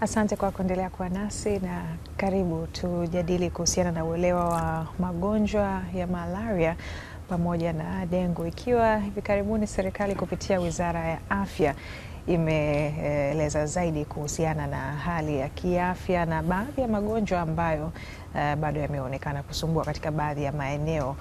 Asante kwa kuendelea kuwa nasi na karibu tujadili kuhusiana na uelewa wa magonjwa ya malaria pamoja na dengu, ikiwa hivi karibuni serikali kupitia Wizara ya Afya imeeleza zaidi kuhusiana na hali ya kiafya na baadhi ya magonjwa ambayo uh, bado yameonekana kusumbua katika baadhi ya maeneo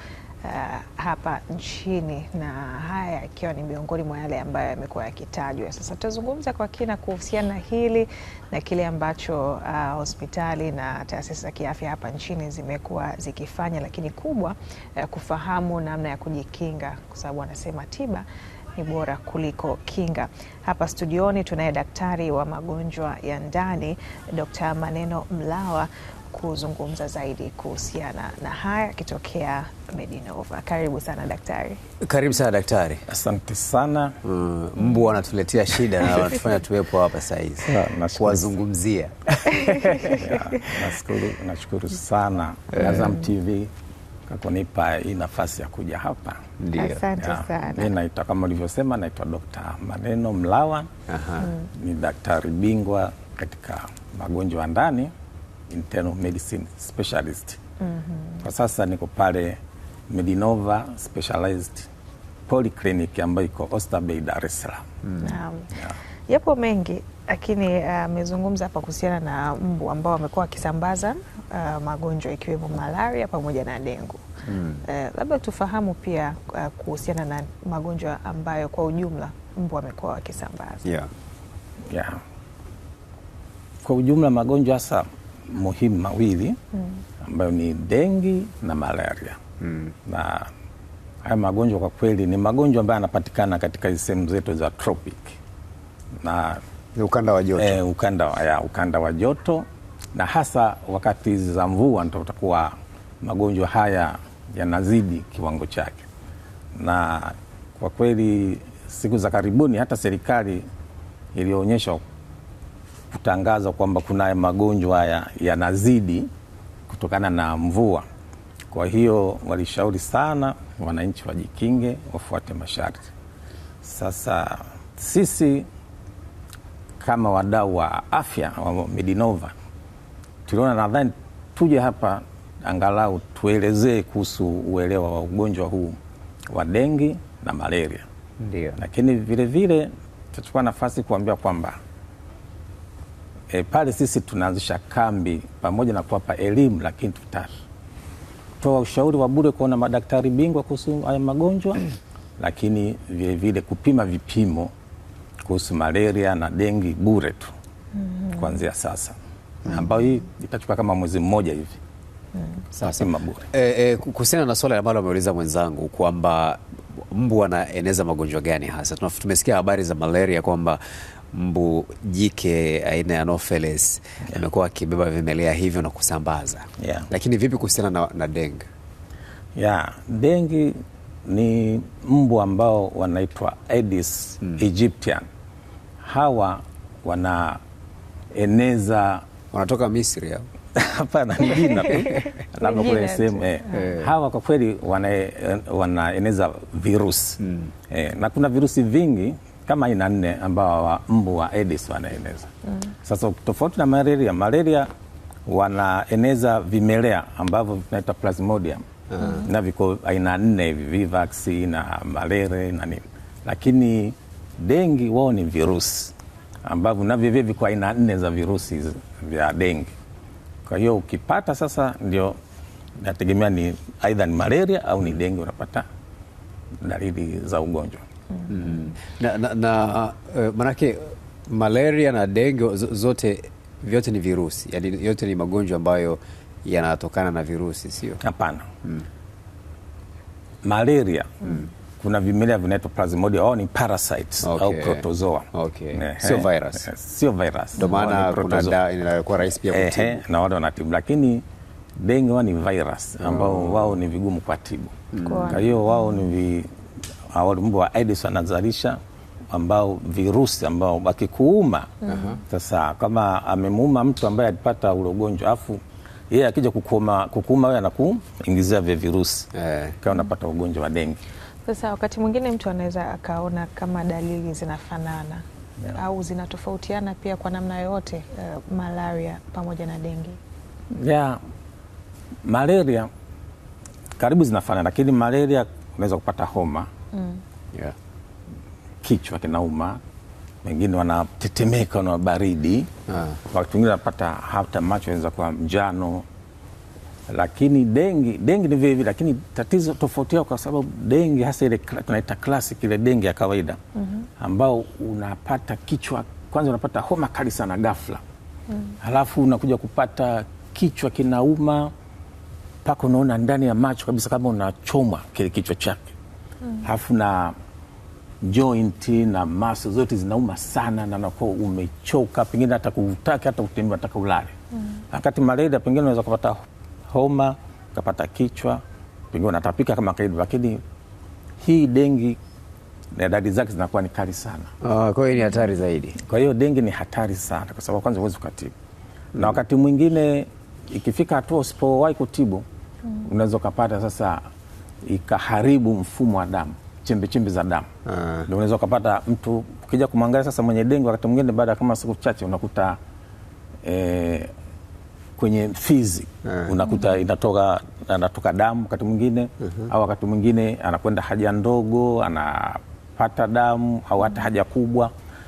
uh, hapa nchini na haya yakiwa ni miongoni mwa yale ambayo yamekuwa yakitajwa. Sasa tutazungumza kwa kina kuhusiana na hili na kile ambacho uh, hospitali na taasisi za kiafya hapa nchini zimekuwa zikifanya, lakini kubwa uh, kufahamu namna ya kujikinga, kwa sababu wanasema tiba ni bora kuliko kinga. Hapa studioni tunaye daktari wa magonjwa ya ndani dkt Maneno Mlawa kuzungumza zaidi kuhusiana na haya akitokea Medinova. Karibu sana daktari. Karibu sana daktari. Asante sana. Mm, mbu wanatuletea shida na wanatufanya tuwepo hapa sahizi ah, kuwazungumzia. Ah, nashukuru sana Azam TV kwa kunipa hii nafasi ya kuja hapa. Ndio. Asante sana. Mimi naitwa kama ulivyosema, naitwa Dr. Maneno Mlawa. Aha. Mm. Ni daktari bingwa katika magonjwa ya ndani, internal medicine specialist. Mm -hmm. Kwa sasa niko pale Medinova Specialized Polyclinic ambayo iko Oysterbay Dar es Salaam. Mm. Naam. Yeah. Yapo mengi lakini eh, amezungumza uh, hapa kuhusiana na mbu ambao wamekuwa wakisambaza uh, magonjwa ikiwemo malaria pamoja na dengu. Mm. Uh, labda tufahamu pia uh, kuhusiana na magonjwa ambayo kwa ujumla mbu wamekuwa wakisambaza. Yeah. Yeah. Kwa ujumla magonjwa hasa muhimu mawili mm. ambayo ni dengi na malaria. Mm. Na haya magonjwa kwa kweli ni magonjwa ambayo yanapatikana katika sehemu zetu za tropic na ukanda wa joto, eh, ukanda, ya, ukanda wa joto na hasa wakati za mvua ndio utakuwa magonjwa haya yanazidi kiwango chake, na kwa kweli siku za karibuni hata serikali ilionyesha kutangaza kwamba kuna magonjwa haya yanazidi kutokana na mvua. Kwa hiyo walishauri sana wananchi wajikinge, wafuate masharti. Sasa sisi kama wadau wa afya wa Medinova tuliona nadhani tuje hapa angalau tuelezee kuhusu uelewa wa ugonjwa huu wa dengi na malaria. Ndio. Lakini vilevile tutachukua nafasi kuambia kwamba e, pale sisi tunaanzisha kambi pamoja na kuwapa elimu, lakini tutatoa ushauri wa bure kuona madaktari bingwa kuhusu haya magonjwa, lakini vilevile kupima vipimo kuhusu malaria na dengi bure tu mm -hmm. kuanzia sasa mm -hmm. ambayo hii itachukua kama mwezi mmoja hivi mm -hmm. sasa bure. Eh, eh, kuhusiana na swala ambalo ameuliza mwenzangu kwamba mbu anaeneza magonjwa gani hasa, tumesikia habari za malaria kwamba mbu jike aina ya Anopheles amekuwa akibeba vimelea hivyo na kusambaza yeah. Lakini vipi kuhusiana na, na dengue? Yeah, dengue ni mbu ambao wanaitwa Aedes mm. Egyptian. Hawa wanaeneza wanatoka Misri hao hapana, ni jina tu labda kule sehemu eh. eh. Hawa kwa kweli wanaeneza virusi mm. eh, na kuna virusi vingi kama aina nne ambao wa mbu wa Aedes wanaeneza mm. Sasa tofauti na malaria, malaria wanaeneza vimelea ambavyo vinaitwa plasmodium mm. na viko aina nne hivi vivax na malere na nini, lakini dengi wao ni virusi ambavyo navyo vivyo viko aina nne za virusi vya dengi. Kwa hiyo ukipata sasa, ndio nategemea ni aidha ni malaria au ni dengi, unapata dalili za ugonjwa mm. na, na, na uh, manake malaria na dengi zote vyote ni virusi, yani yote ni magonjwa ambayo yanatokana na virusi, sio? Hapana. mm. Malaria mm. kuna vimelea vinaitwa plasmodia au ni parasites okay. au protozoa okay. sio virus, eh, sio virus, ndio maana kuna dawa inayokuwa rahisi pia kutibu na wale wanatibu, lakini dengue wao ni virus hmm. ambao wao ni vigumu kwa tibu mm. kwa hiyo wao ni vi, mbu wa Aedes anazalisha ambao virusi ambao wakikuuma sasa, uh -huh. kama amemuuma mtu ambaye alipata ule ugonjwa afu yeye yeah, akija kukuma kukuma wewe anakuingizia vya virusi yeah. Kama unapata ugonjwa wa dengue. Sasa wakati mwingine mtu anaweza akaona kama dalili zinafanana yeah. au zinatofautiana pia kwa namna yoyote uh, malaria pamoja na dengue yeah. Malaria karibu zinafanana, lakini malaria unaweza kupata homa mm. yeah. kichwa kinauma wengine wanatetemeka na baridi ah. Wakati mwingine wanapata hata macho anaweza kuwa mjano, lakini dengi dengi ni vilevile, lakini tatizo tofauti yao, kwa sababu dengi hasa ile tunaita classic, ile dengi ya kawaida mm -hmm. ambao unapata kichwa kwanza, unapata homa kali sana ghafla mm -hmm. halafu unakuja kupata kichwa kinauma mpaka unaona ndani ya macho kabisa kama unachomwa kile kichwa chake mm -hmm. halafu na joint na maso zote zinauma sana, na nakuwa umechoka, pengine hata kutaki hata kutembea, nataka ulale. Mm. Wakati mm. malaria pengine unaweza kupata homa, ukapata kichwa, pengine unatapika kama kawaida, lakini hii dengi na idadi zake zinakuwa ni kali sana. Oh, kwa hiyo ni hatari zaidi. Kwa hiyo dengi ni hatari sana, kwa sababu kwanza huwezi kutibu mm. na wakati mwingine ikifika hatua usipowahi kutibu mm. unaweza ukapata sasa ikaharibu mfumo wa damu chembe chembe za damu ah. Ndio unaweza ukapata mtu ukija kumwangalia sasa mwenye dengue, wakati mwingine baada ya kama siku chache unakuta eh, kwenye fizi uh unakuta inatoka anatoka damu wakati mwingine uh -huh. au wakati mwingine anakwenda haja ndogo anapata damu au hata haja kubwa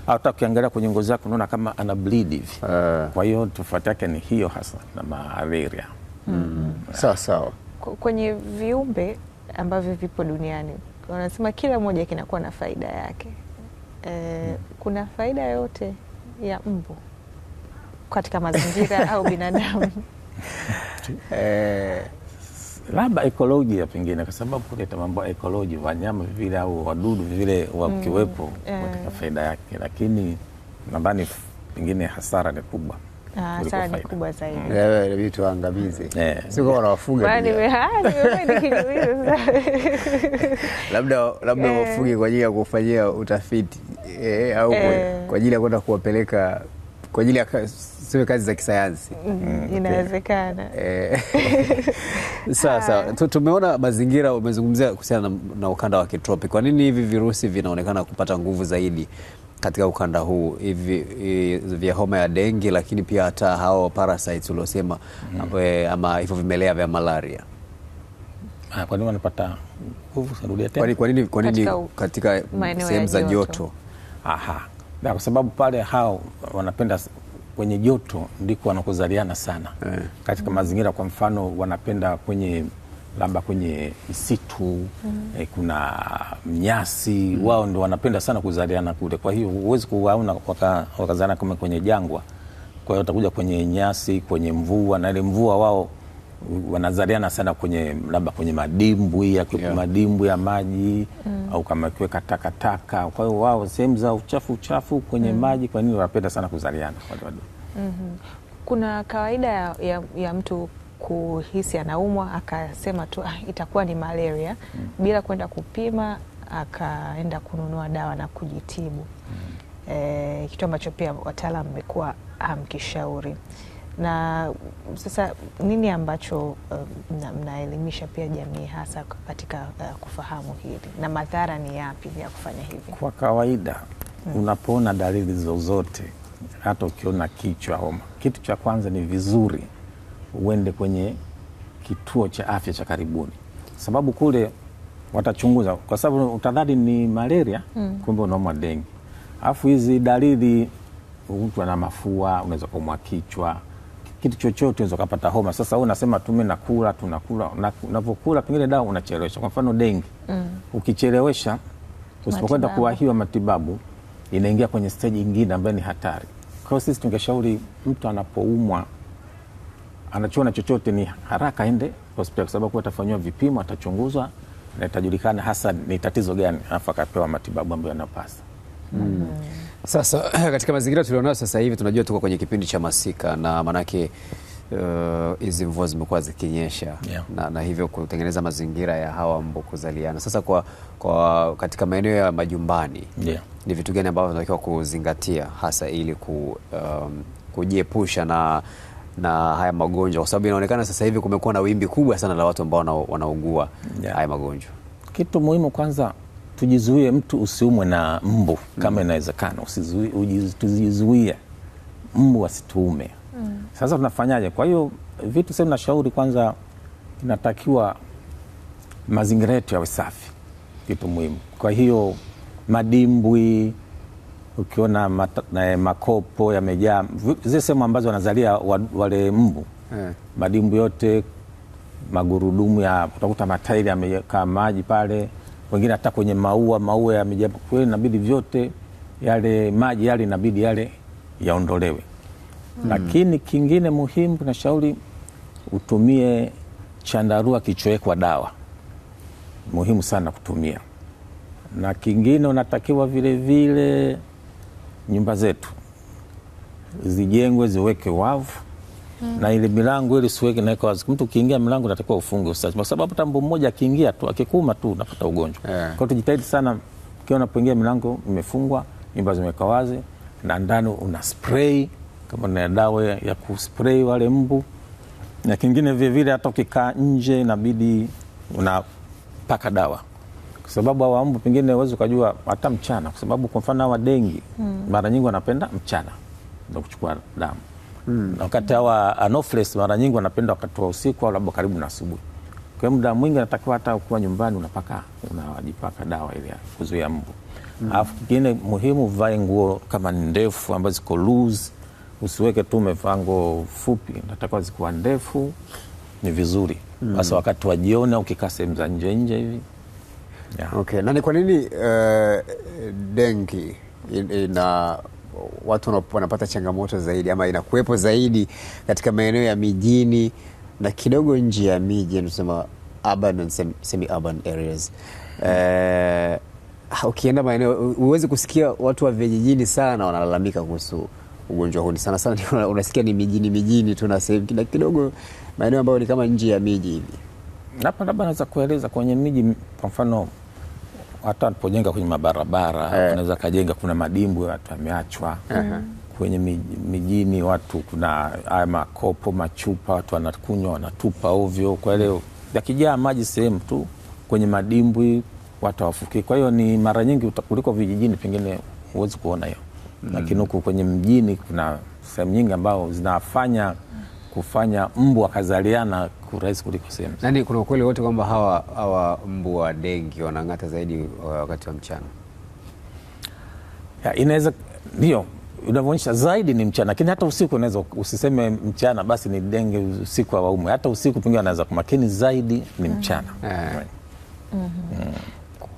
au hata ukiangalia kwenye ngozi yake unaona kama ana bleed hivi ah. Kwa hiyo tofauti yake ni hiyo hasa na malaria mm -hmm. Sawa sawa. Kwenye viumbe ambavyo vipo duniani wanasema kila moja kinakuwa na faida yake. E, kuna faida yote ya mbu katika mazingira au binadamu? E, labda ekolojia pengine, kwa sababu kuleta mambo ya ekolojia, wanyama vivile au wadudu vivile wakiwepo katika mm, eh. katika faida yake, lakini nadhani pengine hasara ni kubwa Ah, hasara ni kubwa zaidi, mm. inabidi tuangamize, eh. wanawafuga. Ah, labda labda eh. wafuge kwa ajili ya kufanyia utafiti eh, au kwa eh. ajili ya kwenda kuwapeleka kwa ajili ya sio kazi za kisayansi mm, mm inawezekana. Sawa ah. sawa, tumeona mazingira. Umezungumzia kuhusiana na ukanda wa kitropiki, kwa nini hivi virusi vinaonekana kupata nguvu zaidi katika ukanda huu hivi vya homa ya dengi, lakini pia hata hao parasites uliosema, mm. ama hivyo vimelea vya malaria. Ah, kwa nini wanapata nguvu? Sarudia tena, kwa nini katika sehemu za joto? Aha, kwa sababu pale hao wanapenda kwenye joto, ndiko wanakuzaliana sana eh. katika mazingira, kwa mfano wanapenda kwenye labda kwenye misitu mm. E, kuna mnyasi mm. wao ndo wanapenda sana kuzaliana kule, kwa hiyo huwezi kuwaona wakazaliana kama kwenye jangwa. Kwa hiyo watakuja kwenye nyasi, kwenye mvua, na ile mvua wao wanazaliana sana kwenye labda kwenye madimbwi ya yeah. madimbwi ya maji mm. au kama kiweka takataka. Kwa hiyo wao sehemu za uchafu uchafu kwenye mm. maji, kwa nini wanapenda sana kuzaliana? mm -hmm. Kuna kawaida ya, ya, ya mtu kuhisi anaumwa, akasema tu ah, itakuwa ni malaria mm. bila kwenda kupima, akaenda kununua dawa na kujitibu mm. e, kitu ambacho pia wataalam mmekuwa hamkishauri um, na sasa nini ambacho uh, mnaelimisha pia jamii hasa katika uh, kufahamu hili na madhara ni yapi ya kufanya hivi? Kwa kawaida mm. unapoona dalili zozote, hata ukiona kichwa homa, kitu cha kwanza ni vizuri uende kwenye kituo cha afya cha karibuni, sababu kule watachunguza, kwa sababu utadhani ni malaria mm. kumbe unaumwa dengi. Alafu hizi dalili, mtu ana mafua, unaweza kuumwa kichwa, kitu chochote, unaweza kupata homa. Sasa wewe unasema tume nakula tunakula, unapokula pengine dawa unachelewesha. Kwa mfano dengi mm. ukichelewesha, usipokwenda kuwahiwa matibabu, inaingia kwenye stage nyingine ambayo ni hatari. Kwa hiyo sisi tungeshauri mtu anapoumwa anachoona chochote ni haraka aende hospitali, kwa sababu atafanyiwa vipimo, atachunguzwa na itajulikana hasa ni tatizo gani, alafu akapewa matibabu ambayo yanapasa. Mm. Sasa katika mazingira tulionayo sasa hivi tunajua tuko kwenye kipindi cha masika na maanake uh, hizi uh, mvua zimekuwa zikinyesha yeah. Na, na hivyo kutengeneza mazingira ya hawa mbu kuzaliana. Sasa kwa, kwa katika maeneo ya majumbani yeah. Ni vitu gani ambavyo vinatakiwa kuzingatia hasa ili ku, um, kujiepusha na na haya magonjwa, kwa sababu inaonekana sasa hivi kumekuwa na wimbi kubwa sana la watu ambao wanaugua yeah. haya magonjwa. Kitu muhimu kwanza, tujizuie mtu usiumwe na mbu kama mm. inawezekana, tujizuie mbu asituume. mm. Sasa tunafanyaje? Kwa hiyo vitu sasa, nashauri kwanza, inatakiwa mazingira yetu yawe safi, kitu muhimu. Kwa hiyo madimbwi ukiona eh, makopo yamejaa zile sehemu ambazo wanazalia wale mbu yeah. Madimbu yote magurudumu ya utakuta matairi yamekaa maji pale, wengine hata kwenye maua maua yamejaa kweli, inabidi vyote yale maji yale inabidi yale yaondolewe. mm. Lakini kingine muhimu tunashauri utumie chandarua kichowekwa dawa, muhimu sana kutumia na kingine unatakiwa vilevile nyumba zetu zijengwe ziweke wavu Hmm. na ile milango ile siweke naweka wazi. Mtu ukiingia milango natakiwa ufunge usafi, kwa sababu hata mbu mmoja akiingia tu akikuma tu unapata ugonjwa yeah. Kwa tujitahidi sana, ukiwa unapoingia milango imefungwa, nyumba zimeweka wazi, na ndani una spray kama na dawa ya kuspray wale mbu, na kingine vile hata ukikaa nje inabidi unapaka dawa kwa sababu hawa mbu pengine huwezi ukajua hata mchana, kwa sababu kwa mfano hawa dengi mm. mara nyingi wanapenda mchana ndio kuchukua damu mm. wakati hawa anopheles mara nyingi wanapenda wakati wa usiku au labda karibu na asubuhi. Kwa hiyo muda mwingi anatakiwa hata ukiwa nyumbani unapaka unajipaka dawa ile ya kuzuia mbu mm. Alafu kingine muhimu, vae nguo kama ni ndefu ambazo ziko loose, usiweke tu umevaa nguo fupi, natakiwa zikuwa ndefu, ni vizuri hmm. hasa mm. wakati wa jioni au ukikaa sehemu za nje nje hivi yeah. Okay, na ni kwa nini uh, denki ina watu wanapata changamoto zaidi ama inakuwepo zaidi katika maeneo ya mijini na kidogo nje ya miji, yaani tunasema urban and semi urban areas uh, ukienda maeneo huwezi kusikia watu wa vijijini sana wanalalamika kuhusu ugonjwa huu. Sana sana unasikia ni mijini mijini tu na sehemu kidogo maeneo ambayo ni kama nje ya miji hivi. Hapa labda naweza kueleza kwenye miji, kwa mfano hata alipojenga kwenye mabarabara anaweza eh, kajenga, kuna madimbwi watu wameachwa uh -huh. Kwenye mijini watu kuna haya makopo machupa watu wanakunywa wanatupa ovyo, kwa ile yakijaa maji sehemu tu kwenye madimbwi watu hawafukii. Kwa hiyo ni mara nyingi kuliko vijijini, pengine huwezi kuona hiyo mm. Lakini huku kwenye mjini kuna sehemu nyingi ambao zinafanya kufanya mbu akazaliana kurahisi kuliko sehemu. Nani, kuna ukweli wote kwamba hawa, hawa mbu wa dengi wanang'ata zaidi uh, wakati wa mchana? Inaweza ndio unavyoonyesha zaidi ni mchana, lakini hata usiku unaweza usiseme mchana basi ni denge usiku hawaume. Hata usiku pengine anaweza lakini zaidi ni mchana. Eh. Mm-hmm. mm. Right. mm -hmm. mm.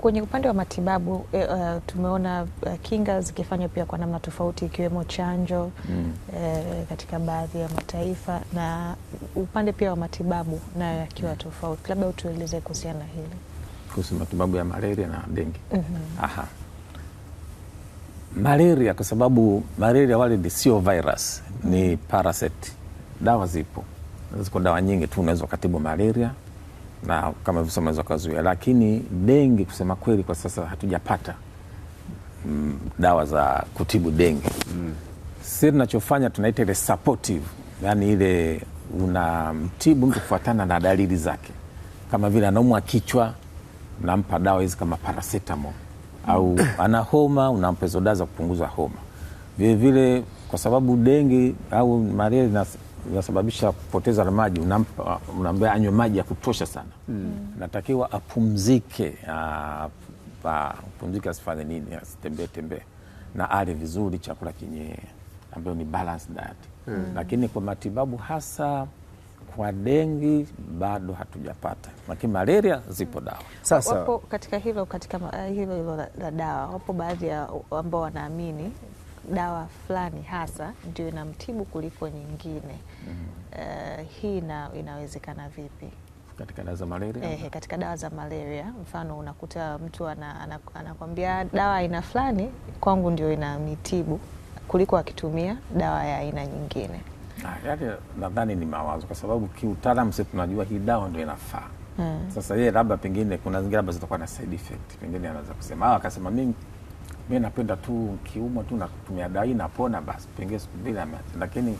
Kwenye upande wa matibabu e, uh, tumeona uh, kinga zikifanywa pia kwa namna tofauti ikiwemo chanjo mm. e, katika baadhi ya mataifa na upande pia wa matibabu nayo yakiwa mm. tofauti, labda utueleze kuhusiana na hili, kuhusu matibabu ya malaria na dengi. mm -hmm. Aha, malaria kwa sababu malaria wale sio virus, ni mm. parasite. Dawa zipo, ziko dawa nyingi tu unaweza ukatibu malaria na kama visa unaweza ukazuia, lakini dengi kusema kweli kwa sasa hatujapata mm, dawa za kutibu dengi mm. Si tunachofanya tunaita ile supportive, yani ile unamtibu mtu kufuatana na dalili zake, kama vile anaumwa kichwa, unampa dawa hizi kama paracetamol au ana homa, unampa hizo dawa za kupunguza homa. Vilevile kwa sababu dengi au malaria inasababisha kupoteza maji, unaambia anywe maji ya kutosha sana mm. Natakiwa apumzike, ah, apumzike, asifanye nini, asitembee tembee, na ale vizuri chakula chenye ambayo ni balanced diet mm. Lakini kwa matibabu hasa kwa dengi bado hatujapata, lakini malaria zipo dawa. Sasa wapo katika hilo, katika ah, hilo hilo la dawa, wapo baadhi ya ambao wanaamini dawa fulani hasa ndio inamtibu kuliko nyingine mm -hmm. uh, hii inawezekana vipi katika dawa za malaria? Eh, katika dawa za malaria mfano unakuta mtu anakwambia ana, ana dawa aina fulani kwangu ndio inanitibu kuliko akitumia dawa ya aina nyingine. Ah, yale nadhani ni mawazo, kwa sababu kiutaalamu sisi tunajua hii dawa ndio inafaa Hmm. Sasa yeye labda pengine kuna zingine labda zitakuwa na side effect, pengine anaweza kusema ah, akasema mimi mi napenda tu kiumwa tu natumia dawa hii napona, basi pengine siku mbili, lakini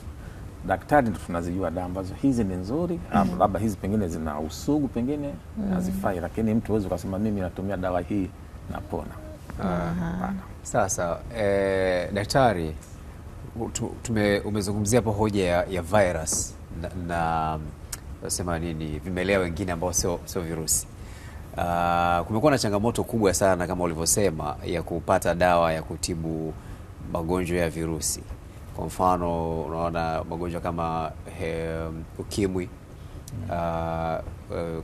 daktari ndo tunazijua dawa ambazo hizi ni nzuri mm -hmm. labda hizi pengine zina usugu pengine mm -hmm. lakini mtu huwezi ukasema mimi natumia dawa hii napona. Ah, Sasa eh, daktari tume, umezungumzia hapo hoja ya, ya virus na, na sema nini vimelea wengine ambao sio virusi Uh, kumekuwa na changamoto kubwa sana kama ulivyosema ya kupata dawa ya kutibu magonjwa ya virusi. Kwa mfano unaona magonjwa kama he, eh, ukimwi,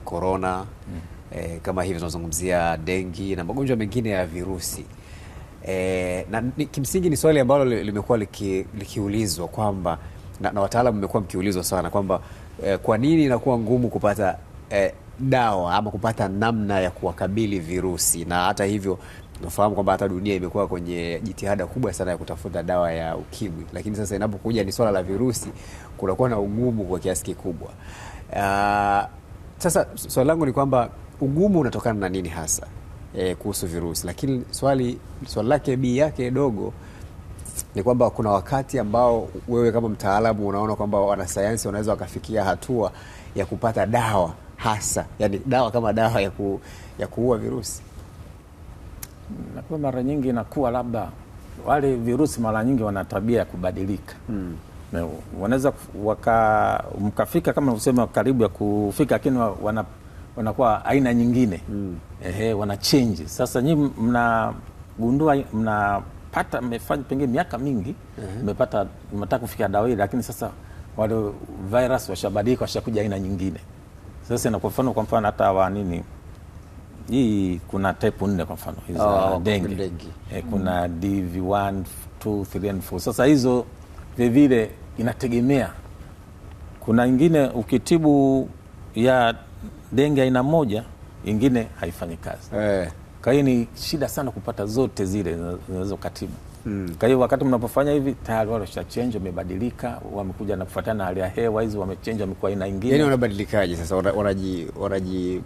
korona, uh, uh, eh, kama hivi tunazungumzia dengi na magonjwa mengine ya virusi eh, na kimsingi ni swali ambalo limekuwa liki, likiulizwa kwamba na, na wataalamu mmekuwa mkiulizwa sana kwamba eh, kwa nini inakuwa ngumu kupata eh, dawa ama kupata namna ya kuwakabili virusi, na hata hivyo nafahamu kwamba hata dunia imekuwa kwenye jitihada kubwa sana ya kutafuta dawa ya ukimwi, lakini sasa inapokuja ni swala la virusi, kunakuwa na ugumu kwa kiasi kikubwa. Uh, sasa swali langu ni kwamba ugumu unatokana na nini hasa eh, kuhusu virusi? Lakini swali swali lake bii yake dogo ni kwamba kuna wakati ambao wewe kama mtaalamu unaona kwamba wanasayansi wanaweza wakafikia hatua ya kupata dawa hasa, yani dawa kama dawa ya, ku, ya kuua virusi? Nakuwa mara nyingi inakuwa labda wale virusi mara nyingi wana tabia ya kubadilika hmm. Wanaweza mkafika kama unavyosema karibu ya kufika, lakini wana, wanakuwa aina nyingine hmm. Ehe, wana change. Sasa nyii mnagundua mnapata, mmefanya pengine miaka mingi mmepata, hmm. mnataka kufikia dawa hili, lakini sasa wale virus washabadilika, washakuja aina nyingine. Sasa na kwa mfano kwa mfano hata wa nini hii kuna type nne kwa mfano hizo oh, dengue e, kuna eh, mm. DV1 2 3 and 4. Sasa hizo vile vile inategemea, kuna ingine ukitibu ya dengue aina moja, ingine haifanyi kazi eh. Kwa hiyo ni shida sana kupata zote zile zinaweza katibu mm. Kwa hiyo wakati mnapofanya hivi tayari wale change wamebadilika, wamekuja na kufuatana hali ya hewa hizi, wamechenji wamekuwa aina ingine. Yaani wanabadilikaje sasa, wanaji wanaji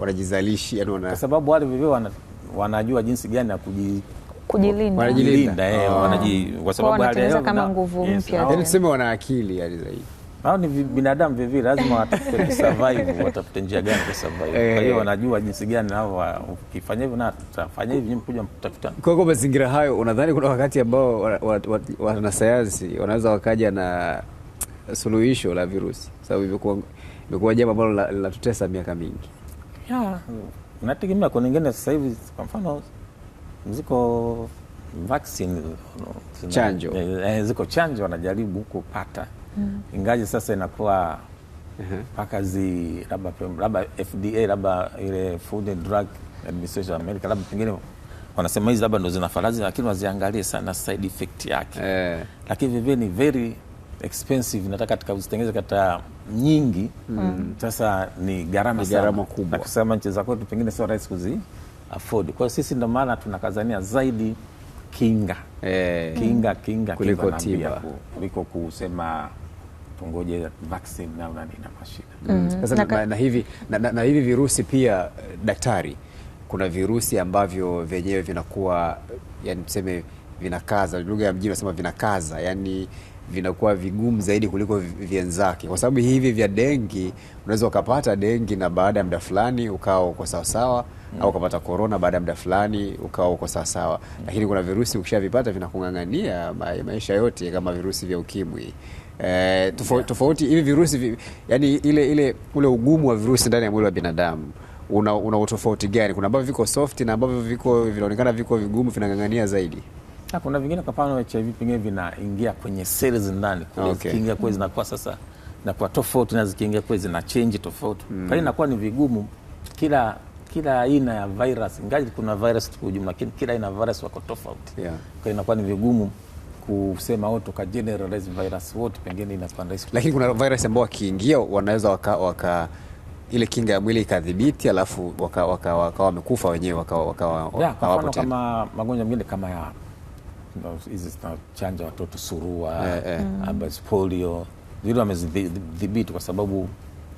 wanajizalishi yani wana... kwa sababu wale vivyo wana, wanajua jinsi gani ya kuji kujilinda wanajilinda, eh, ah. wanaji kwa sababu wale wana kama nguvu mpya, ah. Yaani tuseme wana akili yani zaidi au ni binadamu vivile, lazima watafute kusurvive, watafute njia gani ya survive. Kwa hiyo eh. wanajua jinsi gani nao ukifanya hivyo na tutafanya nyinyi mkuja mtafuta. Kwa hiyo mazingira hayo, unadhani kuna wakati ambao wanasayansi wanaweza wakaja na suluhisho la virusi, sababu imekuwa imekuwa jambo ambalo linatutesa miaka mingi. ya Nategemea kuna nyingine sasa hivi, kwa mfano ziko vaccine, chanjo, eh, ziko chanjo wanajaribu kupata mm. ingaje sasa inakuwa mpaka uh -huh. zi labda labda FDA labda ile Food and Drug Administration America labda pengine wanasema hizi labda ndo zina farazi, lakini waziangalie sana side effect yake eh. Lakini vivyo ni very expensive, nataka tukazitengeneza kata nyingi mm. sasa mm. ni gharama gharama kubwa, akisema nchi za kwetu pengine sio rahisi kuzi afford. Kwa hiyo sisi ndo maana tunakazania zaidi kinga eh. kinga kinga kuliko tiba kuliko kusema tungoje vaccine na nani na mashida mm -hmm. Sasa na, na, hivi, na, na, na hivi virusi pia eh, daktari, kuna virusi ambavyo vyenyewe vinakuwa yani tuseme vinakaza, lugha ya mjini nasema vinakaza, yani vinakuwa vigumu zaidi kuliko vyenzake, kwa sababu hivi vya dengi unaweza ukapata dengi na baada ya muda fulani ukawa uko sawasawa mm. au ukapata korona baada ya muda fulani ukawa uko sawasawa mm. Lakini kuna virusi ukishavipata vinakung'ang'ania maisha yote, kama virusi vya ukimwi eh, tofauti tofauti hivi virusi vi, yani ile, ile ule ugumu wa virusi ndani ya mwili wa binadamu una, una utofauti gani? Kuna ambavyo viko soft na ambavyo viko vinaonekana viko vigumu vinang'ang'ania zaidi. Na ah, kuna vingine kwa mfano HIV pengine vinaingia kwenye cells ndani kule, okay. Zikiingia kule zinakuwa sasa na kwa tofauti na zikiingia kule zina change tofauti mm. Kwa hiyo inakuwa ni vigumu kila kila aina ya virus, ingawa kuna virus kwa ujumla, lakini kila aina ya virus wako tofauti yeah. Kwa hiyo inakuwa ni vigumu kusema au oh, tuka generalize virus wote pengine inakuwa lakini kuna virus ambao wakiingia wanaweza waka, waka ile kinga ya mwili ikadhibiti, alafu wakawa waka, waka wamekufa wenyewe wakawa waka, waka, waka kama magonjwa mengine kama ya hizi zinachanja watoto surua, yeah, yeah. Mm. polio vile wamezidhibiti kwa sababu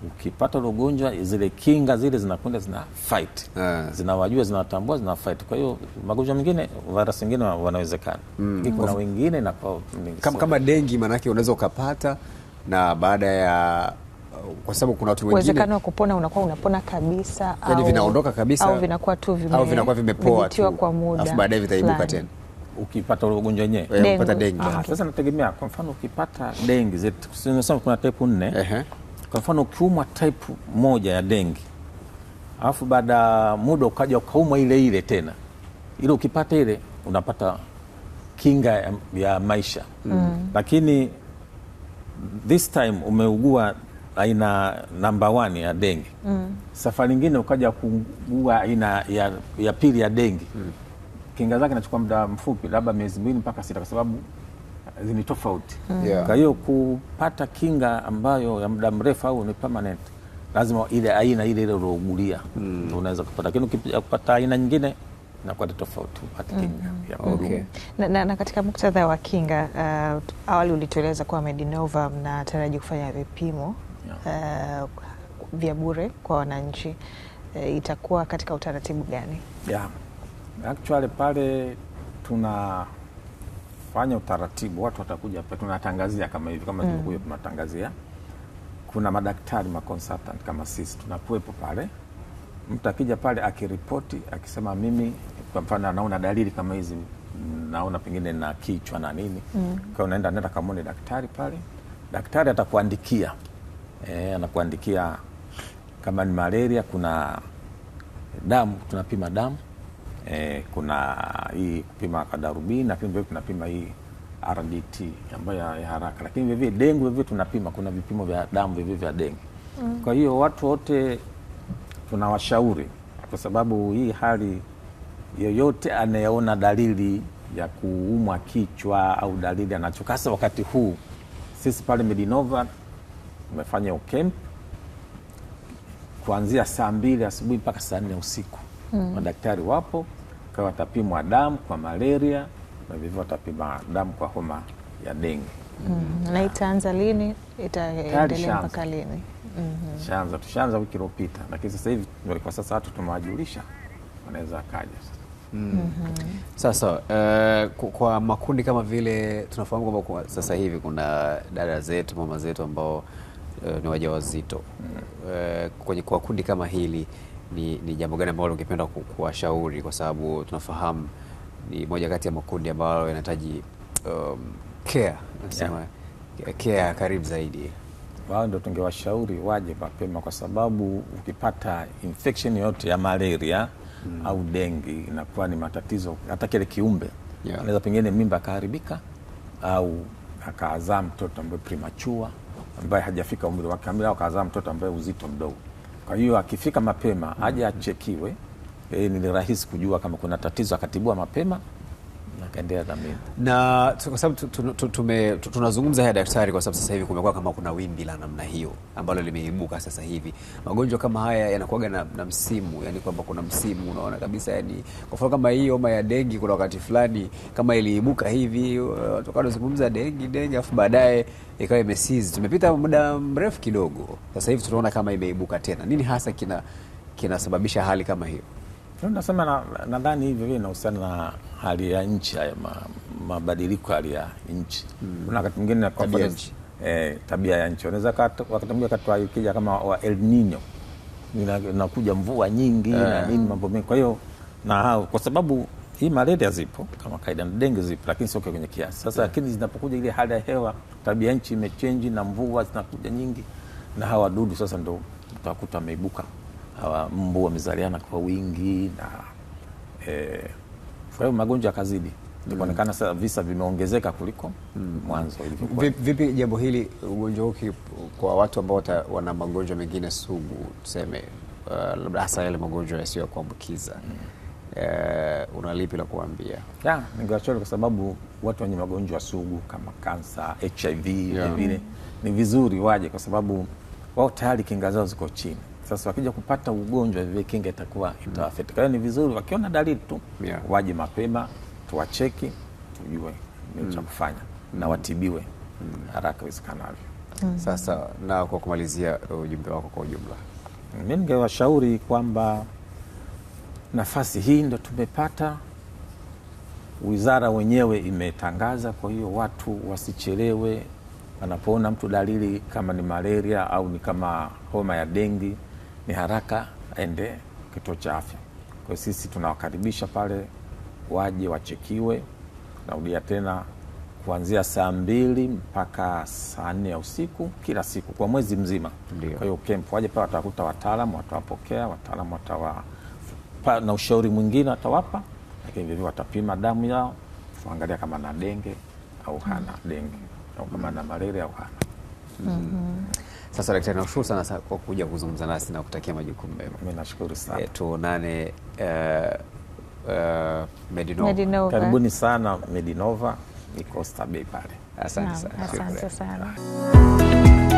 ukipata ule ugonjwa zile kinga zile zinakwenda zina fight yeah. zinawajua zinawatambua zina fight. Kwa hiyo magonjwa mengine virus nyingine wanawezekana mm. kuna wengine na kwa kama, kama dengi maanake unaweza ukapata na baada ya kwa sababu kuna watu wengine uwezekano wa kupona unakuwa unapona kabisa yani au, vinaondoka kabisa au vinakuwa tu vime, au vinakuwa vimepoa tu kwa muda alafu baadaye vitaibuka tena ukipata ule ugonjwa wenyewe eh, ukipata dengi Ah, sasa nategemea kwa mfano ukipata dengi zetu tunasema kuna type 4 uh -huh. Kwa mfano ukiumwa type moja ya dengi alafu baada ya muda ukaja ukaumwa ile ile tena, ile ukipata ile unapata kinga ya, ya maisha mm. Lakini this time umeugua aina namba one ya dengi mm. Safari nyingine ukaja kuugua aina ya, ya pili ya dengi mm. Kinga zake inachukua muda mfupi, labda miezi miwili mpaka sita, kwa sababu ni tofauti hmm. yeah. Kwa hiyo kupata kinga ambayo ya muda mrefu au ni permanent lazima ile aina ile ile ulougulia mm. unaweza kupata, lakini ukipata aina nyingine inakuwa tofauti upate hmm. kinga mm. ya okay. Na, na, na katika muktadha wa kinga uh, awali ulitueleza kuwa Medinova mnataraji kufanya vipimo yeah. uh, vya bure kwa wananchi uh, itakuwa katika utaratibu gani? yeah. Actually pale tuna tutafanya utaratibu, watu watakuja hapa, tunatangazia kama hivi kama mm. tulivyokuja mm. tunatangazia. Kuna madaktari ma consultant kama sisi tunakuwepo pale, mtu akija pale akiripoti akisema, mimi kwa mfano anaona dalili kama hizi, naona pengine na kichwa na nini mm. kwa unaenda nenda kamwone daktari pale, daktari atakuandikia e, anakuandikia kama ni malaria, kuna damu tunapima damu e, kuna hii kupima kwa na pia tunapima hii RDT ambayo ya haraka, lakini vivyo dengue vivyo tunapima, kuna vipimo vya damu vivyo vya dengue mm. Kwa hiyo watu wote tunawashauri, kwa sababu hii hali yoyote anayeona dalili ya kuumwa kichwa au dalili anachokasa wakati huu, sisi pale Medinova tumefanya ukemp kuanzia saa mbili asubuhi mpaka saa nne usiku mm. Madaktari wapo kwa watapimwa damu kwa malaria na vivyo watapima damu kwa homa ya dengue mm. mm. na itaanza lini? Itaendelea mpaka lini? mm -hmm. tushaanza wiki iliyopita, lakini sasa hivi kwa sasa watu tumewajulisha, wanaweza akaja Mm. Mm -hmm. Sasa uh, kwa makundi kama vile tunafahamu kwamba kwa sasa hivi kuna dada zetu, mama zetu ambao uh, ni wajawazito mm -hmm. uh, kwa kundi kama hili ni, ni jambo gani ambalo ungependa kuwashauri, kwa sababu tunafahamu ni moja kati ya makundi ambayo yanahitaji um, care nasema yeah. care karibu zaidi wao ndo tungewashauri waje mapema, kwa sababu ukipata infection yoyote ya malaria mm. au dengi inakuwa ni matatizo hata kile kiumbe yeah. Anaweza pengine mimba akaharibika au akazaa mtoto ambaye primachua ambaye hajafika umri wa kamili au akazaa mtoto ambaye uzito mdogo. Kwa hiyo akifika mapema aje achekiwe, e, ni rahisi kujua kama kuna tatizo, akatibua mapema na mimi. Na kwa sababu tunazungumza haya daktari, kwa sababu sasa hivi kumekuwa kama kuna wimbi la namna hiyo ambalo limeibuka sasa hivi. Magonjwa kama haya yanakuwaga na, na msimu, yani kwamba kuna msimu unaona kabisa, yani kwa mfano kama hii homa ya dengi, kuna wakati fulani kama iliibuka hivi watu dengi dengi, afu baadaye ikawa imesizi. Tumepita muda mrefu kidogo, sasa hivi tunaona kama imeibuka tena. Nini hasa kina kinasababisha hali kama hiyo? Nasema nadhani hivyo vile inahusiana na hali ya nchi, haya mabadiliko hali ya nchi. Mm. Kuna wakati mwingine eh, tabia ya nchi unaweza wakati mwingine katoa ukija kama wa El Nino inakuja mvua nyingi na eh. nini mambo mengi, kwa hiyo na kwa sababu hii malaria zipo kama kaida na dengue zipo, lakini sio kwenye kiasi sasa. Eh. Lakini zinapokuja ile hali ya hewa, tabia nchi imechenji na mvua zinakuja nyingi, na hawa wadudu sasa ndo utakuta ameibuka hawa mbu wamezaliana kwa wingi na eh, kwa hiyo magonjwa yakazidi kuonekana mm. Sasa visa vimeongezeka kuliko mm. ilivyokuwa. Vipi jambo hili, ugonjwa huu kwa watu ambao wana magonjwa mengine sugu, tuseme uh, labda uh, hasa yale magonjwa kuambukiza mm. Uh, e, unalipi la kuambia? Yeah, ningewashauri kwa sababu watu wenye magonjwa sugu kama kansa, HIV yeah. ni vizuri waje kwa sababu wao tayari kinga zao ziko chini sasa wakija kupata ugonjwa vile kinga itakuwa mm. itawafeti. Kwa hiyo ni vizuri wakiona dalili tu yeah. waje mapema tuwacheki, tujue nini cha mm. kufanya mm. na watibiwe mm. haraka iwezekanavyo. mm. Sasa na kwa kumalizia uh, ujumbe wako kwa ujumla, mi ningewashauri kwamba nafasi hii ndo tumepata, wizara wenyewe imetangaza. Kwa hiyo watu wasichelewe wanapoona mtu dalili kama ni malaria au ni kama homa ya dengi, ni haraka aende kituo cha afya. Kwa hiyo sisi tunawakaribisha pale waje wachekiwe, narudia tena, kuanzia saa mbili mpaka saa nne ya usiku kila siku kwa mwezi mzima. Kwa hiyo camp waje pale, watakuta wataalamu, watawapokea wataalamu, watawa na ushauri mwingine watawapa, lakini vivyo watapima damu yao kuangalia kama na denge au hana mm. denge au kama na malaria au hana. mm -hmm. Sasa daktari, nashukuru sana kwa kuja kuzungumza nasi na kutakia majukumu mema. Mimi nashukuru sana. E, eh, tuonane uh, eh, uh, eh, Medinova. Medinova. Karibuni sana Medinova, iko Oysterbay pale. Asante sana. Asante sana.